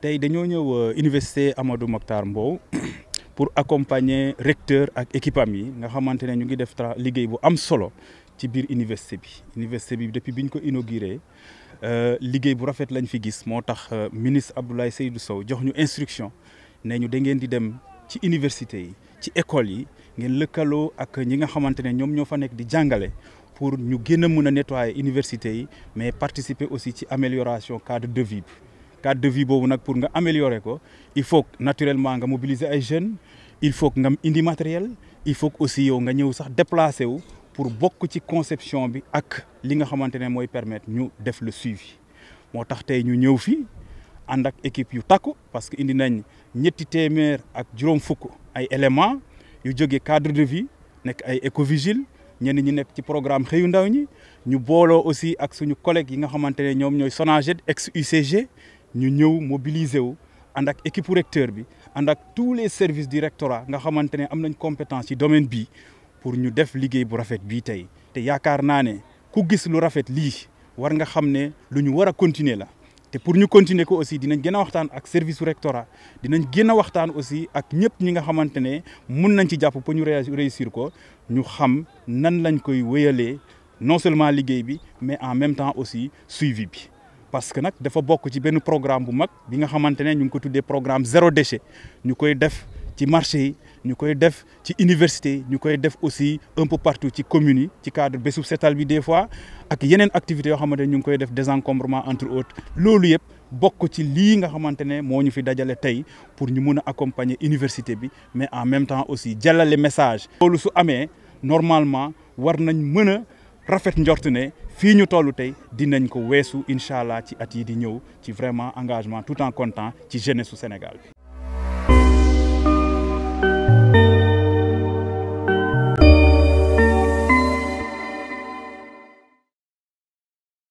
tay dañu ñëw euh, université Amadou Mokhtar Mbow pour accompagner recteur ak équipe am yi nga xamantene ñu ngi def liguey bu am solo ci biir université bi université bi depuis biñ ñu ko inauguré euh, liguey bu rafet lañ fi gis motax euh, ministre Abdoulaye Seydou Sow jox ñu instruction né ñu da ngeen di dem ci université yi ci école yi ngeen lëkkaloo ak ñi nga xamantene ñom ñoom ñoo fa nek di jàngale pour ñu gën mëna nettoyer université yi mais participer aussi ci amélioration cadre de vie cadre de vie boobu nag pour nga améliorer ko il faut naturellement nga mobiliser ay jeunes il faut nga indi matériel il faut aussi yow nga ñëw sax déplacer wu pour beaucoup ci conception bi ak li nga xamante ne nous permettre ñu def le suivi moo tax nous ñu ñëw fii ànd ak équipe yu takku parce que indi nañ ñetti témèr ak juroom fuk ay éléments yu joggé cadre de vie nek ay écovigile ñen ñi nek ci programme xeyu ndaw ñi ñu bolo aussi ak suñu collègues yi nga xamantene ñom ñoy sonager Sonaged ex UCG ñu ñëw mobiliser wu ànd ak équipe recteur bi ànd ak tous les services du rectorat nga xamante ne am nañ compétence ci domaine bii pour ñu def liggéey bu rafet bii tey te yaakaar naa ne ku gis lu rafet lii war nga xam ne lu ñu war continuer la te pour ñu continuer ko aussi dinañ gën a waxtaan ak service su rectorat dinañ gën a waxtaan aussi ak ñëpp ñi nga xamantene mën nañ ci japp pour ñu réussir ko ñu xam nan lañ koy wéyalee non seulement liggéey bi mais en même temps aussi suivi bi parce que nag dafa bokk ci ben programme bu mag bi nga xamantene ñu ko tuddee programme zéro déchet ñukoy def ci marché yi ñu def ci université ñukoy def aussi un peu partout ci communes ci cadre bésub sétal bi des fois ak yenen activité yo xamantene ne ñu koy def désencombrement entre autres lolu yépp bokk ci li nga xamantene ne ñu fi dajalé tay pour ñu mëna accompagner université bi mais en même temps aussi jallalé message lolu su amé normalement war nañ mëna rafet njort finit ñu temps ko inshallah vraiment engagement tout en comptant ci jeunesse su Sénégal